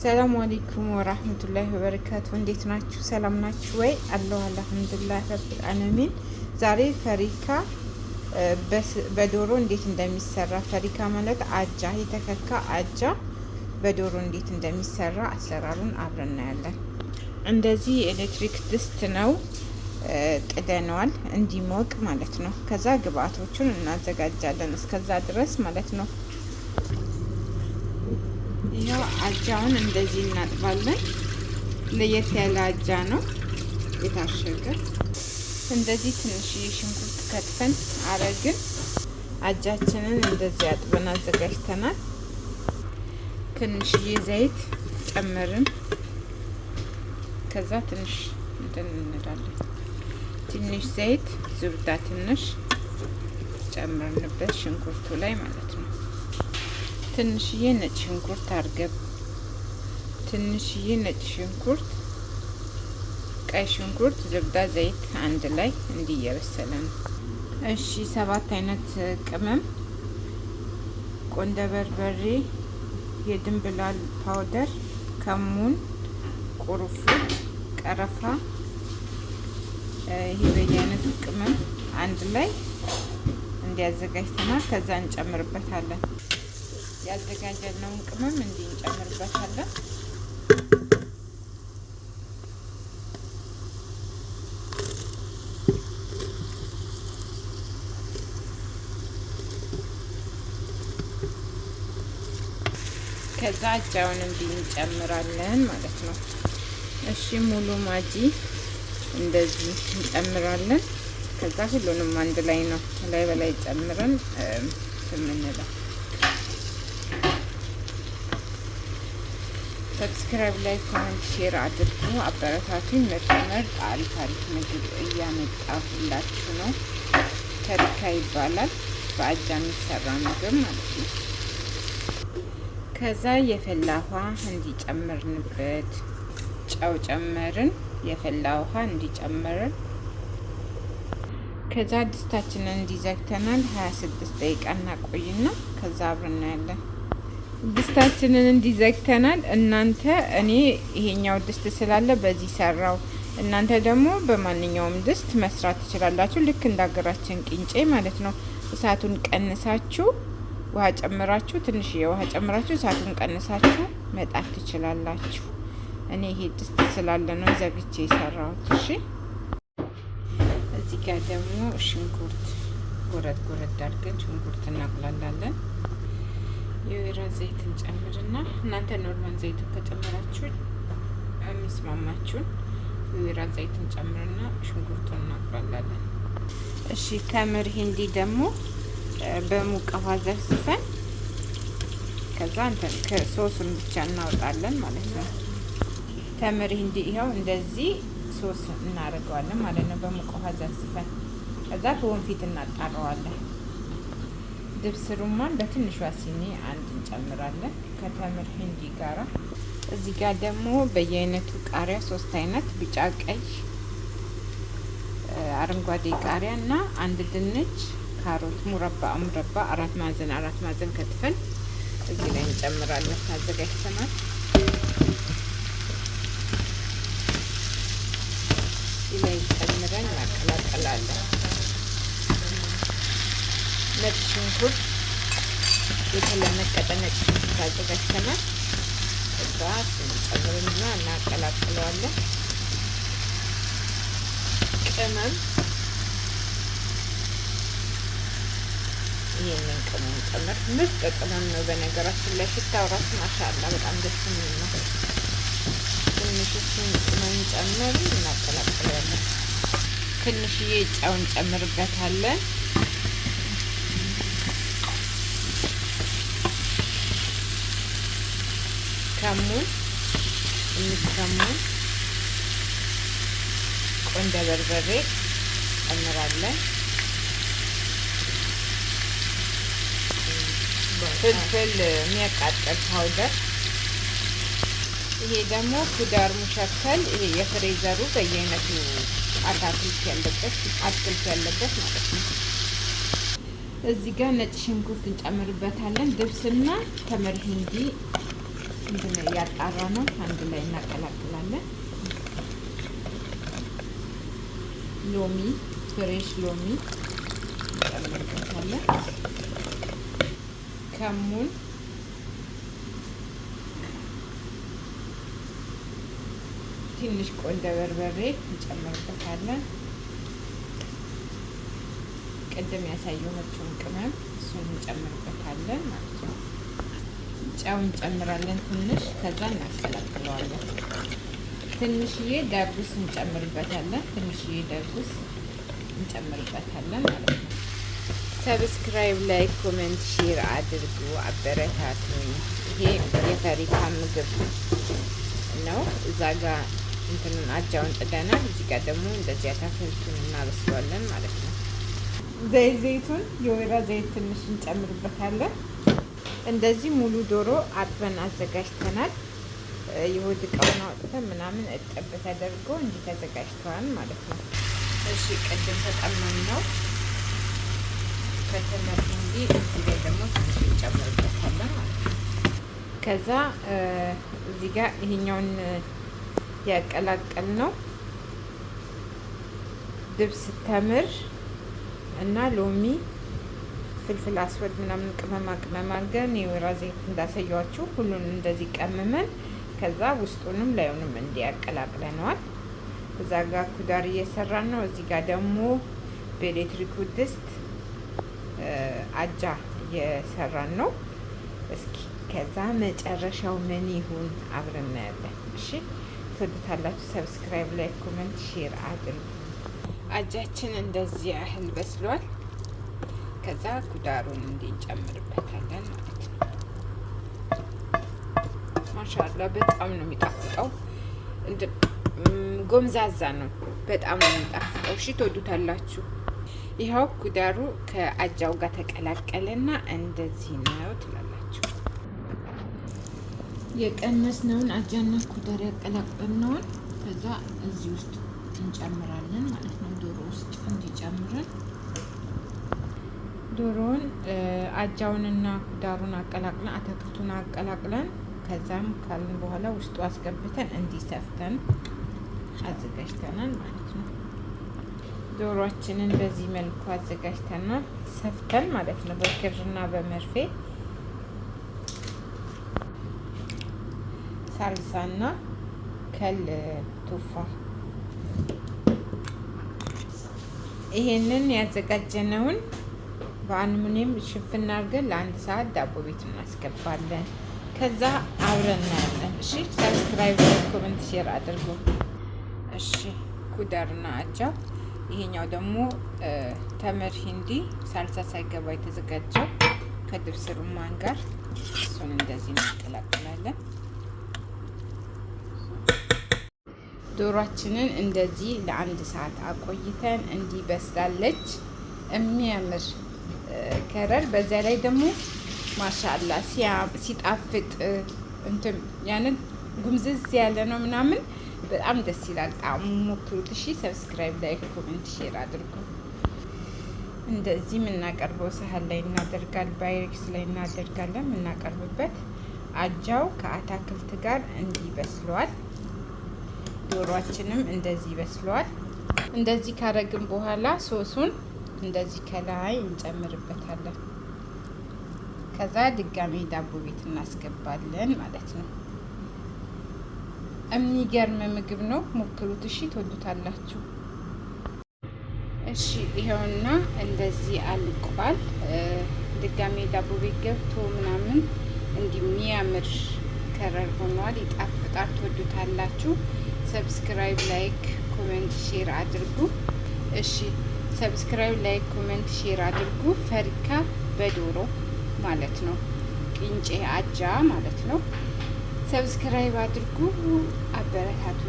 ሰላም አለይኩም ወራህመቱላሂ ወበረካቱ። እንዴት ናችሁ? ሰላም ናችሁ ወይ? አለሁ አልሐምዱሊላህ ረብል አለሚን። ዛሬ ፈሪካ በዶሮ እንዴት እንደሚሰራ ፈሪካ ማለት አጃ፣ የተከካ አጃ በዶሮ እንዴት እንደሚሰራ አሰራሩን አብረን እናያለን። እንደዚህ የኤሌክትሪክ ድስት ነው ጥደነዋል እንዲሞቅ ማለት ነው። ከዛ ግብአቶቹን እናዘጋጃለን። እስከዛ ድረስ ማለት ነው ይኸው አጃውን እንደዚህ እናጥባለን። ለየት ያለ አጃ ነው የታሸገ። እንደዚህ ትንሽዬ ሽንኩርት ከጥፈን አረግን። አጃችንን እንደዚህ አጥበን አዘጋጅተናል። ትንሽዬ ዘይት ጨምርን። ከዛ ትንሽ እንትን እንዳለን ትንሽ ዘይት ዝብዳ ትንሽ ጨምርንበት ሽንኩርቱ ላይ ማለት ነው። ትንሽዬ ነጭ ሽንኩርት አርገብ፣ ትንሽዬ ነጭ ሽንኩርት፣ ቀይ ሽንኩርት፣ ዝብዳ ዘይት አንድ ላይ እንዲህ እየበሰለ ነው። እሺ ሰባት አይነት ቅመም፣ ቆንደ በርበሬ፣ የድንብላል ፓውደር፣ ከሙን፣ ቁርፉድ፣ ቀረፋ ይህ በየአይነቱ ቅመም አንድ ላይ እንዲያዘጋጅተናል። ከዛ እንጨምርበታለን። ያዘጋጀነውን ቅመም እንዲህ እንጨምርበታለን። ከዛ አጃውን እንዲህ እንጨምራለን ማለት ነው። እሺ ሙሉ ማጂ እንደዚህ እንጨምራለን። ከዛ ሁሉንም አንድ ላይ ነው ላይ በላይ ጨምረን የምንለው ሰብስክራይብ ላይ ኮመንት ሼር አድርጉ። አበረታቱኝ። ምርጥ ምርጥ አሪፍ አሪፍ ምግብ እያመጣሁላችሁ ነው። ተሪካ ይባላል። በአጃ የሚሰራ ምግብ ማለት ነው። ከዛ የፈላ ውሃ እንዲጨምርንበት ጨው ጨመርን። የፈላ ውሃ እንዲጨምርን ከዛ ድስታችንን እንዲዘግተናል 26 ደቂቃ እናቆይና ከዛ አብረን እናያለን። ድስታችንን እንዲዘግተናል። እናንተ እኔ ይሄኛው ድስት ስላለ በዚህ ሰራው። እናንተ ደግሞ በማንኛውም ድስት መስራት ትችላላችሁ። ልክ እንዳገራችን ቅንጬ ማለት ነው። እሳቱን ቀንሳችሁ ውሃ ጨምራችሁ፣ ትንሽ የውሃ ጨምራችሁ እሳቱን ቀንሳችሁ መጣት ትችላላችሁ። እኔ ይሄ ድስት ስላለ ነው ዘግቼ የሰራሁት። እሺ፣ እዚህ ጋር ደግሞ ሽንኩርት ጎረድ ጎረድ አድርገን ሽንኩርት እናቁላላለን። የወይራ ዘይትን ጨምርና እናንተ ኖርማል ዘይቱ ከጨመራችሁ የሚስማማችሁን የወይራ ዘይትን ጨምርና ሽንኩርቱን እናቁላላለን። እሺ ተምር ሂንዲ ደግሞ በሙቅ ውሃ ዘፍዝፈን ከዛ ሶሱን ብቻ እናወጣለን ማለት ነው። ተምር ሂንዲ ይኸው እንደዚህ ሶስ እናደርገዋለን ማለት ነው። በሙቅ ውሃ ዘፍዝፈን ከዛ በወንፊት እናጣረዋለን። ድብስ ሩማን በትንሿ ሲኒ አንድ እንጨምራለን ከተምር ሂንዲ ጋራ። እዚህ ጋር ደግሞ በየአይነቱ ቃሪያ ሶስት አይነት ቢጫ፣ ቀይ፣ አረንጓዴ ቃሪያ እና አንድ ድንች፣ ካሮት ሙረባ ሙረባ አራት ማዕዘን አራት ማዕዘን ከትፈን እዚህ ላይ እንጨምራለን አዘጋጅተናል። እዚህ ላይ ጨምረን እናቀላቀላለን። ነጭ ሽንኩርት የተለመቀጠ ነጭ ሽንኩርት አዘጋጅተናል። እዛ ስንጨምርና እናቀላቅለዋለን። ቅመም ይህንን ቅመም ጨምር። ምርጥ ቅመም ነው። በነገራችን ላይ ሽታው ራሱ ማሻላ በጣም ደስ የሚል ነው። ትንሽ ቅመም ጨምር እናቀላቅለዋለን። ትንሽዬ ጨውን እንጨምርበታለን። ከሙን ትንሽ ከሙን፣ ቆንደ በርበሬ ጨምራለን። ፍልፍል የሚያቃጠል ፓውደር። ይሄ ደግሞ ኩዳር ሙሸከል። ይሄ የፍሬዘሩ በየአይነቱ አታክልት ያለበት አትክልት ያለበት ማለት ነው። እዚህ ጋር ነጭ ሽንኩርት እንጨምርበታለን። ድብስና ተመር ሂንዲ ያጣራ ነው አንድ ላይ እናቀላቅላለን። ሎሚ ፍሬሽ ሎሚ እንጨምርበታለን። ከሙን ትንሽ ቆንደ በርበሬ እንጨምርበታለን። ቅድም ያሳየኋቸውን ቅመም እሱን እንጨምርበታለን ማለት ነው። ጨው እንጨምራለን ትንሽ። ከዛ እናቀላቅለዋለን። ትንሽዬ ዳጉስ እንጨምርበታለን። ትንሽዬ ዳጉስ እንጨምርበታለን ማለት ነው። ሰብስክራይብ፣ ላይ ኮሜንት፣ ሼር አድርጉ፣ አበረታቱኝ። ይሄ የፈሪካ ምግብ ነው። እዛ ጋ እንትኑን አጃውን ጥደናል። እዚህ ጋር ደግሞ እንደዚህ አታክልቱን እናበስሏለን ማለት ነው። ዘይት ዘይቱን፣ የወይራ ዘይት ትንሽ እንጨምርበታለን። እንደዚህ ሙሉ ዶሮ አጥበን አዘጋጅተናል። የሆድ እቃውን አውጥተን ምናምን እጥብ ተደርጎ እንዲህ ተዘጋጅተዋል ማለት ነው። እሺ ቅድም ተጠመም ነው ከተመት እንዲ እዚህ ላይ ደግሞ ትንሽ እንጨምርበታለን ማለት ነው። ከዛ እዚህ ጋር ይሄኛውን ያቀላቀል ነው ድብስ ተምር እና ሎሚ ፍልፍል አስወድ ምናምን ቅመማ ቅመም አድርገን የወይራ ዘይት እንዳሳየዋችሁ ሁሉን እንደዚህ ቀምመን ከዛ ውስጡንም ላዩንም እንዲያቀላቅለነዋል። እዛ ጋ ኩዳር እየሰራን ነው። እዚህ ጋር ደግሞ በኤሌክትሪክ ድስት አጃ እየሰራን ነው። እስኪ ከዛ መጨረሻው ምን ይሁን አብረን እናያለን። እሺ ትወዱታላችሁ። ሰብስክራይብ፣ ላይክ፣ ኮመንት፣ ሼር አድርጉ። አጃችን እንደዚህ ያህል በስሏል። ከዛ ጉዳሩን እንጨምርበታለን ማለት ነው። ማሻላ በጣም ነው የሚጣፍጠው። ጎምዛዛ ነው፣ በጣም ነው የሚጣፍጠው። እሺ ትወዱታላችሁ። ይኸው ጉዳሩ ከአጃው ጋር ተቀላቀለና እንደዚህ ነው ትላላችሁ። የቀነስነውን አጃና ጉዳር ያቀላቀልነውን ከዛ እዚህ ውስጥ እንጨምራለን ማለት ነው። ዶሮ ውስጥ እንዲጨምርን ዶሮውን አጃውንና ዳሩን አቀላቅለን አትክልቱን አቀላቅለን ከዛም ካልን በኋላ ውስጡ አስገብተን እንዲሰፍተን አዘጋጅተናል ማለት ነው። ዶሮችንን በዚህ መልኩ አዘጋጅተናል ሰፍተን ማለት ነው በክርና በመርፌ ሳልሳና ከል ቱፋ ይሄንን ያዘጋጀነውን በአልሙኒየም ሽፍና አድርገን ለአንድ ሰዓት ዳቦ ቤት እናስገባለን። ከዛ አብረን እናያለን። እሺ ሰብስክራይብ፣ ኮመንት፣ ሼር አድርጉ። እሺ ኩዳርና አጃው ይሄኛው ደግሞ ተምር ሂንዲ ሳልሳ ሳይገባ የተዘጋጀው ከድብስ ሩማን ጋር እሱን እንደዚህ እናቀላቅላለን። ዶሯችንን እንደዚህ ለአንድ ሰዓት አቆይተን እንዲህ በስላለች የሚያምር ከረር በዚያ ላይ ደግሞ ማሻላ ሲጣፍጥ እንትን ያንን ጉምዝዝ ያለ ነው ምናምን በጣም ደስ ይላል። ጣዕሙ ሞክሩት። እሺ፣ ሰብስክራይብ፣ ላይክ፣ ኮሜንት፣ ሼር አድርጉ። እንደዚህ የምናቀርበው ሳህን ላይ እናደርጋል፣ ባይሬክስ ላይ እናደርጋለን። የምናቀርብበት አጃው ከአታክልት ጋር እንዲህ በስለዋል። ዶሯችንም እንደዚህ በስለዋል። እንደዚህ ካረግን በኋላ ሶሱን እንደዚህ ከላይ እንጨምርበታለን። ከዛ ድጋሚ ዳቦ ቤት እናስገባለን ማለት ነው። የሚገርም ምግብ ነው፣ ሞክሩት። እሺ ትወዱታላችሁ። እሺ ይኸውና እንደዚህ አልቋል። ድጋሚ ዳቦ ቤት ገብቶ ምናምን እንዲህ የሚያምር ከረር ሆኗል። ይጣፍጣል። ትወዱታላችሁ። ሰብስክራይብ፣ ላይክ፣ ኮሜንት፣ ሼር አድርጉ። እሺ ሰብስክራይብ፣ ላይክ፣ ኮሜንት፣ ሼር አድርጉ። ፈሪካ በዶሮ ማለት ነው። ቅንጬ አጃ ማለት ነው። ሰብስክራይብ አድርጉ። አበረታቱ።